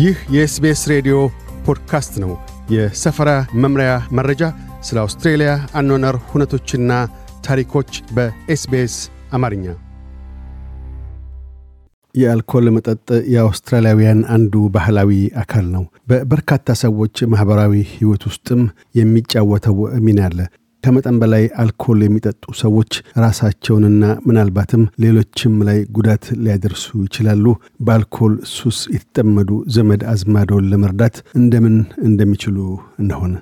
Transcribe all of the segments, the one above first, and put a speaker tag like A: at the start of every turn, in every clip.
A: ይህ የኤስቤስ ሬዲዮ ፖድካስት ነው። የሰፈራ መምሪያ መረጃ፣ ስለ አውስትሬልያ አኗነር ሁነቶችና ታሪኮች በኤስቤስ አማርኛ። የአልኮል መጠጥ የአውስትራሊያውያን አንዱ ባህላዊ አካል ነው። በበርካታ ሰዎች ማኅበራዊ ሕይወት ውስጥም የሚጫወተው ሚና አለ። ከመጠን በላይ አልኮል የሚጠጡ ሰዎች ራሳቸውንና ምናልባትም ሌሎችም ላይ ጉዳት ሊያደርሱ ይችላሉ። በአልኮል ሱስ የተጠመዱ ዘመድ አዝማዶን ለመርዳት እንደምን እንደሚችሉ እንደሆነ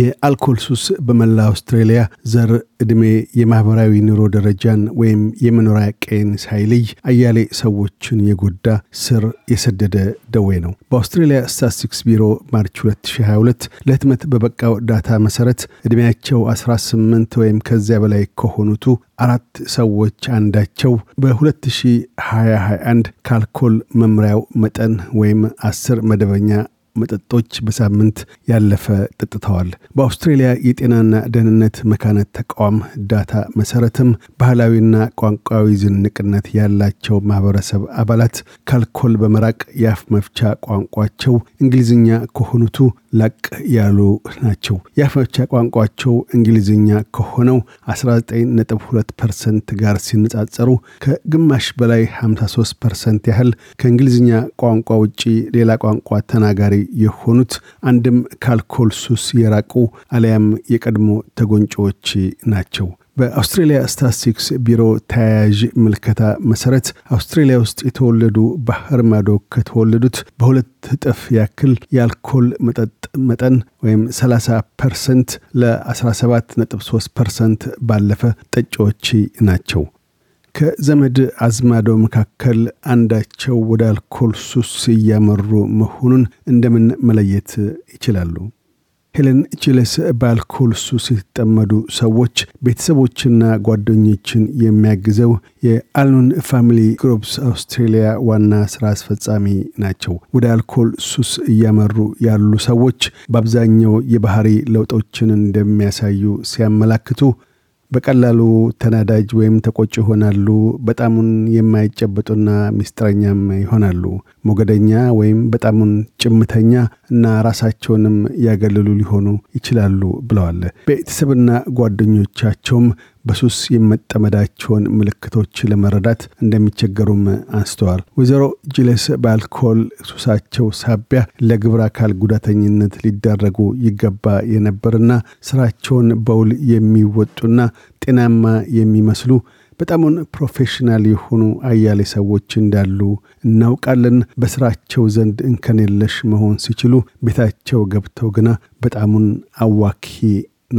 A: የአልኮል ሱስ በመላ አውስትራሊያ ዘር፣ ዕድሜ፣ የማህበራዊ ኑሮ ደረጃን ወይም የመኖሪያ ቀይን ሳይልይ አያሌ ሰዎችን የጎዳ ስር የሰደደ ደዌ ነው። በአውስትራሊያ ስታስቲክስ ቢሮ ማርች 2022 ለህትመት በበቃው ዳታ መሰረት ዕድሜያቸው 18 ወይም ከዚያ በላይ ከሆኑቱ አራት ሰዎች አንዳቸው በ2021 ከአልኮል መምሪያው መጠን ወይም 10 መደበኛ መጠጦች በሳምንት ያለፈ ጠጥተዋል። በአውስትሬሊያ የጤናና ደህንነት መካነት ተቋም ዳታ መሰረትም ባህላዊና ቋንቋዊ ዝንቅነት ያላቸው ማህበረሰብ አባላት ካልኮል በመራቅ የአፍ መፍቻ ቋንቋቸው እንግሊዝኛ ከሆኑቱ ላቅ ያሉ ናቸው። የአፍመፍቻ ቋንቋቸው እንግሊዝኛ ከሆነው 19.2 ፐርሰንት ጋር ሲነጻጸሩ ከግማሽ በላይ 53 ፐርሰንት ያህል ከእንግሊዝኛ ቋንቋ ውጪ ሌላ ቋንቋ ተናጋሪ የሆኑት አንድም ከአልኮል ሱስ የራቁ አሊያም የቀድሞ ተጎንጮዎች ናቸው። በአውስትሬልያ ስታስቲክስ ቢሮ ተያያዥ ምልከታ መሰረት አውስትሬልያ ውስጥ የተወለዱ ባህር ማዶ ከተወለዱት በሁለት እጥፍ ያክል የአልኮል መጠጥ መጠን ወይም 30 ፐርሰንት ለ17.3 ፐርሰንት ባለፈ ጠጪዎች ናቸው። ከዘመድ አዝማዶ መካከል አንዳቸው ወደ አልኮል ሱስ እያመሩ መሆኑን እንደምን መለየት ይችላሉ? ሄለን ችለስ ሱስ ሲጠመዱ ሰዎች ቤተሰቦችና ጓደኞችን የሚያግዘው የአልኖን ፋሚሊ ግሮፕስ አውስትሬሊያ ዋና ስራ አስፈጻሚ ናቸው። ወደ አልኮል ሱስ እያመሩ ያሉ ሰዎች በአብዛኛው የባህሪ ለውጦችን እንደሚያሳዩ ሲያመላክቱ በቀላሉ ተናዳጅ ወይም ተቆጭ ይሆናሉ። በጣሙን የማይጨበጡና ምስጢረኛም ይሆናሉ። ሞገደኛ ወይም በጣሙን ጭምተኛ እና ራሳቸውንም ያገለሉ ሊሆኑ ይችላሉ ብለዋል። ቤተሰብና ጓደኞቻቸውም በሱስ የመጠመዳቸውን ምልክቶች ለመረዳት እንደሚቸገሩም አንስተዋል። ወይዘሮ ጅለስ በአልኮል ሱሳቸው ሳቢያ ለግብረ አካል ጉዳተኝነት ሊዳረጉ ይገባ የነበርና ስራቸውን በውል የሚወጡና ጤናማ የሚመስሉ በጣሙን ፕሮፌሽናል የሆኑ አያሌ ሰዎች እንዳሉ እናውቃለን። በስራቸው ዘንድ እንከን የለሽ መሆን ሲችሉ ቤታቸው ገብተው ግና በጣሙን አዋኪ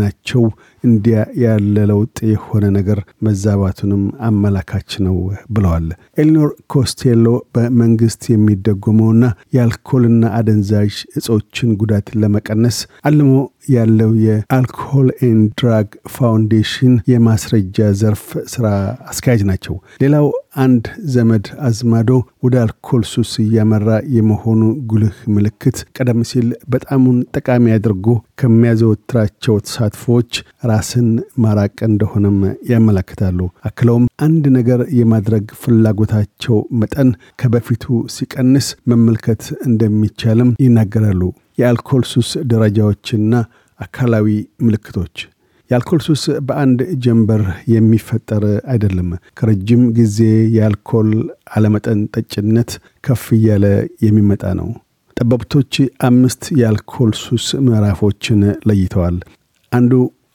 A: ናቸው። እንዲያ ያለ ለውጥ የሆነ ነገር መዛባቱንም አመላካች ነው ብለዋል። ኤሊኖር ኮስቴሎ በመንግስት የሚደጎመውና የአልኮልና አደንዛዥ እጾችን ጉዳት ለመቀነስ አልሞ ያለው የአልኮል ኤንድ ድራግ ፋውንዴሽን የማስረጃ ዘርፍ ስራ አስኪያጅ ናቸው። ሌላው አንድ ዘመድ አዝማዶ ወደ አልኮል ሱስ እያመራ የመሆኑ ጉልህ ምልክት ቀደም ሲል በጣሙን ጠቃሚ አድርጎ ከሚያዘወትራቸው ተሳትፎዎች ራስን ማራቅ እንደሆነም ያመለክታሉ። አክለውም አንድ ነገር የማድረግ ፍላጎታቸው መጠን ከበፊቱ ሲቀንስ መመልከት እንደሚቻልም ይናገራሉ። የአልኮል ሱስ ደረጃዎችና አካላዊ ምልክቶች የአልኮል ሱስ በአንድ ጀንበር የሚፈጠር አይደለም። ከረጅም ጊዜ የአልኮል አለመጠን ጠጭነት ከፍ እያለ የሚመጣ ነው። ጠበብቶች አምስት የአልኮል ሱስ ምዕራፎችን ለይተዋል። አንዱ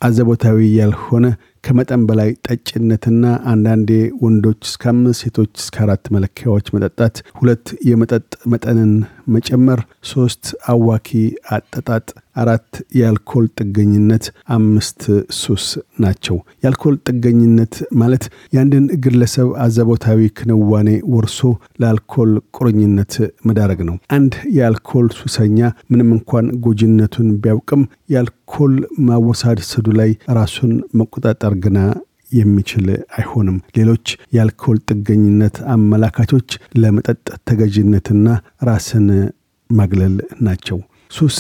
A: አዘቦታዊ ያልሆነ ከመጠን በላይ ጠጭነትና አንዳንዴ ወንዶች እስከ አምስት ሴቶች እስከ አራት መለኪያዎች መጠጣት፣ ሁለት የመጠጥ መጠንን መጨመር፣ ሶስት አዋኪ አጠጣጥ አራት የአልኮል ጥገኝነት፣ አምስት ሱስ ናቸው። የአልኮል ጥገኝነት ማለት የአንድን ግለሰብ አዘቦታዊ ክንዋኔ ወርሶ ለአልኮል ቁርኝነት መዳረግ ነው። አንድ የአልኮል ሱሰኛ ምንም እንኳን ጎጂነቱን ቢያውቅም የአልኮል ማወሳደዱ ላይ ራሱን መቆጣጠር ግና የሚችል አይሆንም። ሌሎች የአልኮል ጥገኝነት አመላካቾች ለመጠጥ ተገዥነትና ራስን ማግለል ናቸው። ሱስ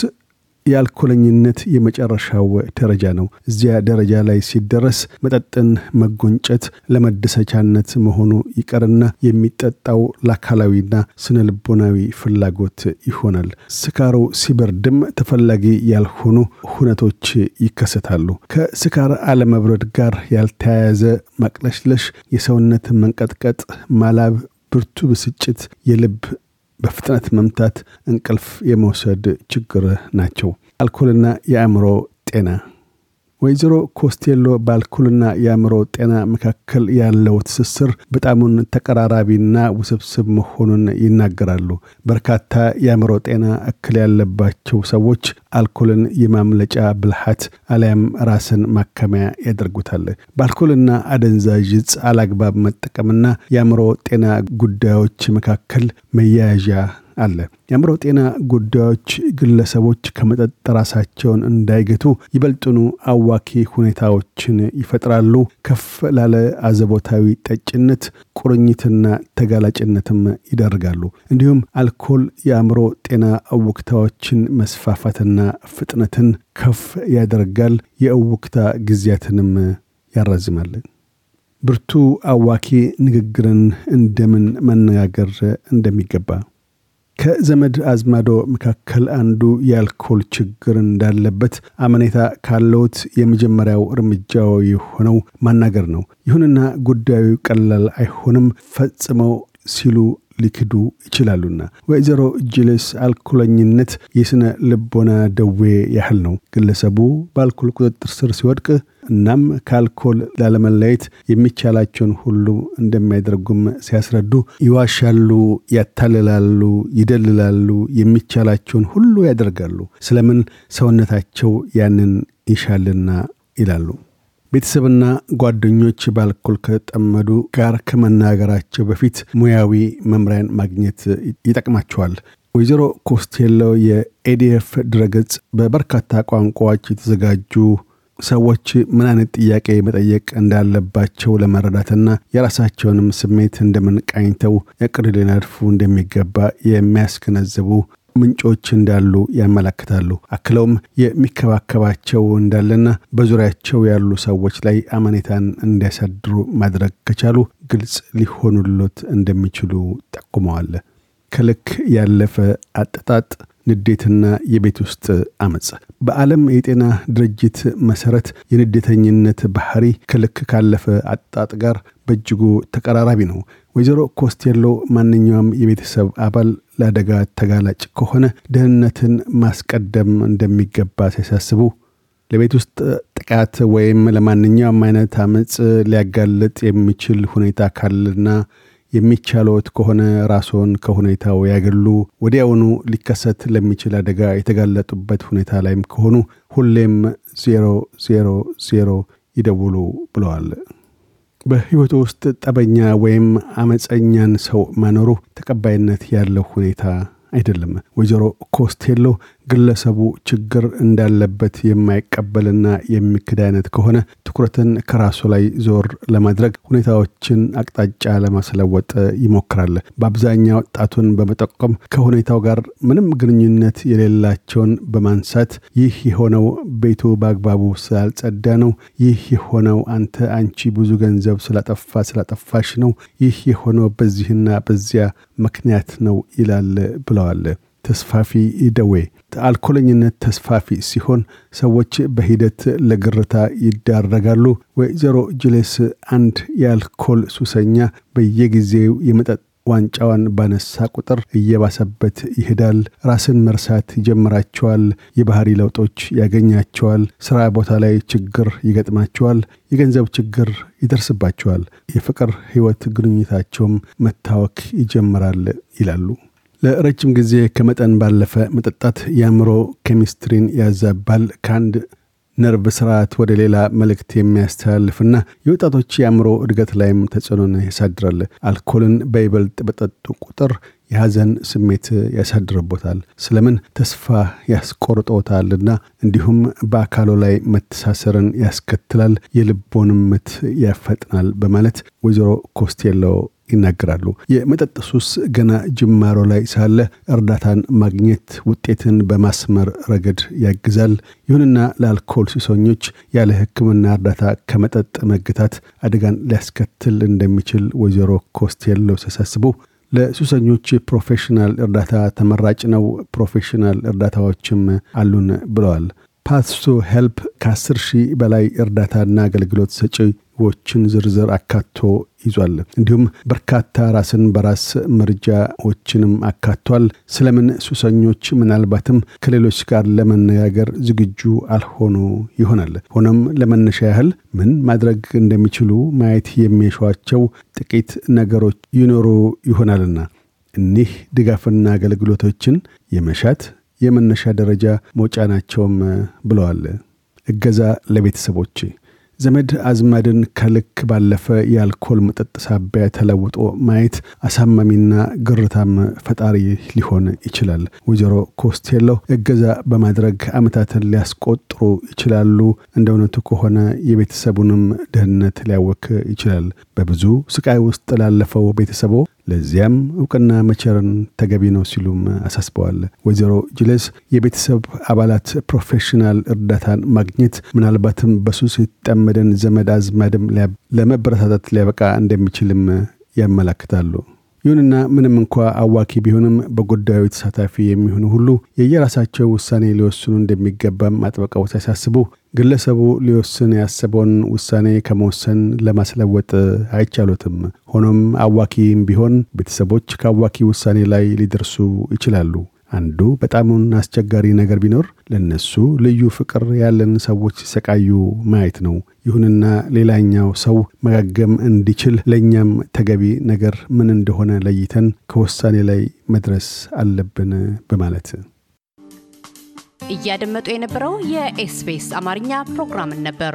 A: የአልኮለኝነት የመጨረሻው ደረጃ ነው። እዚያ ደረጃ ላይ ሲደረስ መጠጥን መጎንጨት ለመደሰቻነት መሆኑ ይቀርና የሚጠጣው ለአካላዊና ስነ ልቦናዊ ፍላጎት ይሆናል። ስካሩ ሲበርድም ተፈላጊ ያልሆኑ ሁነቶች ይከሰታሉ። ከስካር አለመብረድ ጋር ያልተያያዘ ማቅለሽለሽ፣ የሰውነት መንቀጥቀጥ፣ ማላብ፣ ብርቱ ብስጭት፣ የልብ በፍጥነት መምታት እንቅልፍ የመውሰድ ችግር ናቸው። አልኮልና የአእምሮ ጤና ወይዘሮ ኮስቴሎ ባልኩልና የአእምሮ ጤና መካከል ያለው ትስስር በጣሙን ተቀራራቢና ውስብስብ መሆኑን ይናገራሉ። በርካታ የአእምሮ ጤና እክል ያለባቸው ሰዎች አልኮልን የማምለጫ ብልሃት አሊያም ራስን ማከሚያ ያደርጉታል። በአልኮልና አደንዛዥ ዕፅ አላግባብ መጠቀምና የአእምሮ ጤና ጉዳዮች መካከል መያያዣ አለ። የአእምሮ ጤና ጉዳዮች ግለሰቦች ከመጠጥ ራሳቸውን እንዳይገቱ ይበልጥኑ አዋኪ ሁኔታዎችን ይፈጥራሉ። ከፍ ላለ አዘቦታዊ ጠጭነት፣ ቁርኝትና ተጋላጭነትም ይደርጋሉ። እንዲሁም አልኮል የአእምሮ ጤና እውክታዎችን መስፋፋትና ፍጥነትን ከፍ ያደርጋል። የእውክታ ጊዜያትንም ያራዝማል። ብርቱ አዋኪ ንግግርን እንደምን መነጋገር እንደሚገባ ከዘመድ አዝማዶ መካከል አንዱ የአልኮል ችግር እንዳለበት አመኔታ ካለውት የመጀመሪያው እርምጃው የሆነው ማናገር ነው። ይሁንና ጉዳዩ ቀላል አይሆንም ፈጽመው ሲሉ ሊክዱ ይችላሉና። ወይዘሮ ጅልስ አልኮለኝነት የስነ ልቦና ደዌ ያህል ነው። ግለሰቡ በአልኮል ቁጥጥር ስር ሲወድቅ እናም ከአልኮል ላለመለየት የሚቻላቸውን ሁሉ እንደሚያደርጉም ሲያስረዱ ይዋሻሉ፣ ያታልላሉ፣ ይደልላሉ፣ የሚቻላቸውን ሁሉ ያደርጋሉ። ስለምን ሰውነታቸው ያንን ይሻልና ይላሉ። ቤተሰብና ጓደኞች በአልኮል ከጠመዱ ጋር ከመናገራቸው በፊት ሙያዊ መምሪያን ማግኘት ይጠቅማቸዋል። ወይዘሮ ኮስቴሎ የኤዲኤፍ ድረገጽ በበርካታ ቋንቋዎች የተዘጋጁ ሰዎች ምን አይነት ጥያቄ መጠየቅ እንዳለባቸው ለመረዳትና የራሳቸውንም ስሜት እንደምን ቃኝተው እቅድ ሊነድፉ እንደሚገባ የሚያስገነዝቡ ምንጮች እንዳሉ ያመለክታሉ። አክለውም የሚከባከባቸው እንዳለና በዙሪያቸው ያሉ ሰዎች ላይ አመኔታን እንዲያሳድሩ ማድረግ ከቻሉ ግልጽ ሊሆኑሎት እንደሚችሉ ጠቁመዋል። ከልክ ያለፈ አጠጣጥ ንዴትና የቤት ውስጥ አመፅ። በዓለም የጤና ድርጅት መሰረት የንዴተኝነት ባህሪ ከልክ ካለፈ አጣጥ ጋር በእጅጉ ተቀራራቢ ነው። ወይዘሮ ኮስቴሎ ማንኛውም የቤተሰብ አባል ለአደጋ ተጋላጭ ከሆነ ደህንነትን ማስቀደም እንደሚገባ ሲያሳስቡ ለቤት ውስጥ ጥቃት ወይም ለማንኛውም አይነት አመፅ ሊያጋልጥ የሚችል ሁኔታ ካለና የሚቻሎት ከሆነ ራስዎን ከሁኔታው ያገሉ። ወዲያውኑ ሊከሰት ለሚችል አደጋ የተጋለጡበት ሁኔታ ላይም ከሆኑ ሁሌም ዜሮ ዜሮ ዜሮ ይደውሉ ብለዋል። በህይወቱ ውስጥ ጠበኛ ወይም አመፀኛን ሰው መኖሩ ተቀባይነት ያለው ሁኔታ አይደለም። ወይዘሮ ኮስቴሎ ግለሰቡ ችግር እንዳለበት የማይቀበልና የሚክድ አይነት ከሆነ ትኩረትን ከራሱ ላይ ዞር ለማድረግ ሁኔታዎችን አቅጣጫ ለማስለወጥ ይሞክራል። በአብዛኛው ወጣቱን በመጠቆም ከሁኔታው ጋር ምንም ግንኙነት የሌላቸውን በማንሳት ይህ የሆነው ቤቱ በአግባቡ ስላልጸዳ ነው፣ ይህ የሆነው አንተ አንቺ ብዙ ገንዘብ ስላጠፋ ስላጠፋሽ ነው፣ ይህ የሆነው በዚህና በዚያ ምክንያት ነው ይላል ብለዋል። ተስፋፊ ደዌ አልኮለኝነት ተስፋፊ ሲሆን ሰዎች በሂደት ለግርታ ይዳረጋሉ። ወይዘሮ ጅሌስ አንድ የአልኮል ሱሰኛ በየጊዜው የመጠጥ ዋንጫዋን ባነሳ ቁጥር እየባሰበት ይሄዳል። ራስን መርሳት ይጀምራቸዋል። የባህሪ ለውጦች ያገኛቸዋል። ስራ ቦታ ላይ ችግር ይገጥማቸዋል። የገንዘብ ችግር ይደርስባቸዋል። የፍቅር ህይወት ግንኙታቸውም መታወክ ይጀምራል ይላሉ። ለረጅም ጊዜ ከመጠን ባለፈ መጠጣት የአእምሮ ኬሚስትሪን ያዛባል ከአንድ ነርቭ ስርዓት ወደ ሌላ መልእክት የሚያስተላልፍና የወጣቶች የአእምሮ እድገት ላይም ተጽዕኖን ያሳድራል። አልኮልን በይበልጥ በጠጡ ቁጥር የሐዘን ስሜት ያሳድርቦታል፣ ስለምን ተስፋ ያስቆርጦታልና እንዲሁም በአካሉ ላይ መተሳሰርን ያስከትላል፣ የልቦንምት ያፈጥናል በማለት ወይዘሮ ኮስቴሎ ይናገራሉ። የመጠጥ ሱስ ገና ጅማሮ ላይ ሳለ እርዳታን ማግኘት ውጤትን በማስመር ረገድ ያግዛል። ይሁንና ለአልኮል ሱሰኞች ያለ ሕክምና እርዳታ ከመጠጥ መግታት አደጋን ሊያስከትል እንደሚችል ወይዘሮ ኮስቴሎ ሲያሳስቡ ለሱሰኞች ፕሮፌሽናል እርዳታ ተመራጭ ነው። ፕሮፌሽናል እርዳታዎችም አሉን ብለዋል። ፓስቱ ሄልፕ ከ10 ሺህ በላይ እርዳታና አገልግሎት ሰጪ ግቦችን ዝርዝር አካቶ ይዟል። እንዲሁም በርካታ ራስን በራስ መርጃዎችንም አካቷል። ስለምን ሱሰኞች ምናልባትም ከሌሎች ጋር ለመነጋገር ዝግጁ አልሆኑ ይሆናል። ሆኖም ለመነሻ ያህል ምን ማድረግ እንደሚችሉ ማየት የሚሿቸው ጥቂት ነገሮች ይኖሩ ይሆናልና እኒህ ድጋፍና አገልግሎቶችን የመሻት የመነሻ ደረጃ መውጫ ናቸውም ብለዋል። እገዛ ለቤተሰቦች ዘመድ አዝማድን ከልክ ባለፈ የአልኮል መጠጥ ሳቢያ ተለውጦ ማየት አሳማሚና ግርታም ፈጣሪ ሊሆን ይችላል። ወይዘሮ ኮስቴሎ እገዛ በማድረግ አመታትን ሊያስቆጥሩ ይችላሉ። እንደ እውነቱ ከሆነ የቤተሰቡንም ደህንነት ሊያወክ ይችላል። በብዙ ስቃይ ውስጥ ላለፈው ቤተሰቦ ለዚያም እውቅና መቸርን ተገቢ ነው ሲሉም አሳስበዋል። ወይዘሮ ጅለስ የቤተሰብ አባላት ፕሮፌሽናል እርዳታን ማግኘት ምናልባትም በሱስ የተጠመደን ዘመድ አዝማድም ለመበረታታት ሊያበቃ እንደሚችልም ያመላክታሉ። ይሁንና ምንም እንኳ አዋኪ ቢሆንም በጉዳዩ ተሳታፊ የሚሆኑ ሁሉ የየራሳቸው ውሳኔ ሊወስኑ እንደሚገባም አጥበቀው ሲያሳስቡ፣ ግለሰቡ ሊወስን ያሰበውን ውሳኔ ከመወሰን ለማስለወጥ አይቻሉትም። ሆኖም አዋኪም ቢሆን ቤተሰቦች ከአዋኪ ውሳኔ ላይ ሊደርሱ ይችላሉ። አንዱ በጣሙን አስቸጋሪ ነገር ቢኖር ለነሱ ልዩ ፍቅር ያለን ሰዎች ሲሰቃዩ ማየት ነው። ይሁንና ሌላኛው ሰው መጋገም እንዲችል ለእኛም ተገቢ ነገር ምን እንደሆነ ለይተን ከውሳኔ ላይ መድረስ አለብን በማለት እያደመጡ የነበረው የኤስፔስ አማርኛ ፕሮግራምን ነበር።